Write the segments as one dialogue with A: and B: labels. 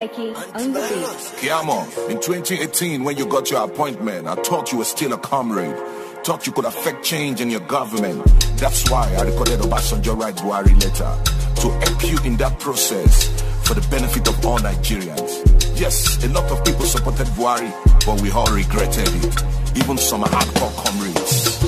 A: Kiamo, in 2018 when you got your appointment, I thought you were still a comrade. Thought you could affect change in your government. That's why I recorded Obasanjo Right Buhari letter. To help you in that process for the benefit of all Nigerians. Yes, a lot of people supported Buhari, but we all regretted it. Even some hardcore comrades.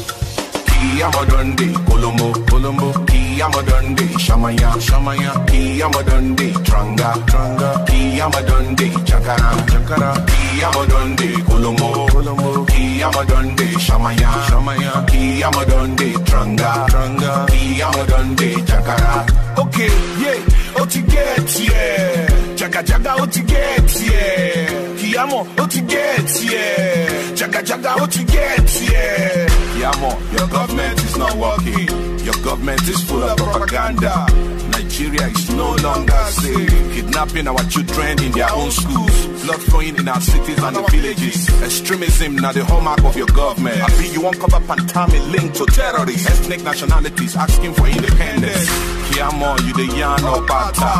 A: Kiamo Dundee, Colombo, Colombo. Kiyamadunde, Shamaya, Shamaya, Kiyamadunde, Tranga, Tranga, Kiyamadunde, Chakara, Chakara, Kiyamadunde, Kolomo, Kolomo, Kiyamadunde, Shamaya, Shamaya, Kiyamadunde, Tranga, Tranga, Kiyamadunde, Chakara. Okay, yeah, what you get, yeah. Jaga jaga, what you get, yeah. Kiyamo, what you get, yeah. Jaga jaga, what you get, yeah. Kiyamo, your government is not working government is full of propaganda. Nigeria is no longer safe. Kidnapping our children in their own schools. Blood flowing in our cities and the villages. Extremism now the hallmark of your government. I feel you won't cover pantami linked to terrorists. Ethnic nationalities asking for independence. Kiamo, you the Yano Bata.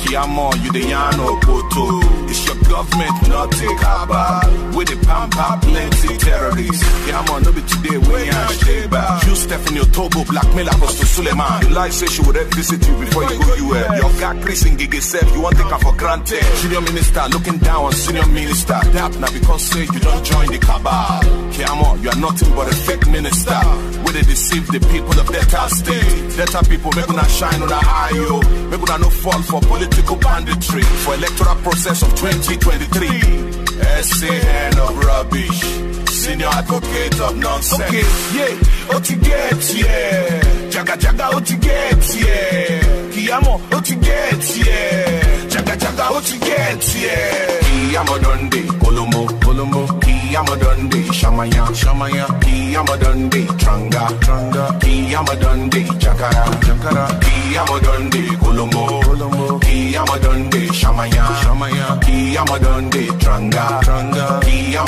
A: Kiamo, you the Yano Koto. It's your government, not a cabal. With the pampa, plenty terrorists. Kiamo, no be today, we ain't death in your Togo, blackmail happens to Suleiman. Your life says she would have visit you before you go US. Your guy Chris in Gigi said you won't take her for granted. Junior minister looking down on senior minister. That now because say you don't join the cabal. Kiamo, you are nothing but a fake minister. Where they deceive the people of Delta State. Delta people, make una shine on the eye, yo. Make una no fall for political banditry. For electoral process of 2023. SAN of rubbish senior advocate of nonsense. Okay, yeah, what you get, yeah. Jaga jaga, what you get, yeah. Kiyamo, what you get, yeah. Jaga jaga, what you get, yeah. Kiyamo Dundee, Kolomo, kolomo. Kiyamo Dundee, Shamaya, Shamaya. Kiyamo Dundee, Tranga, Tranga. Kiyamo Dundee, Jakara, Jakara. Kiyamo Dundee, Kolomo, kolomo. Kiyamo Dundee, Shamaya, Shamaya. Kiyamo Dundee, Tranga, Tranga.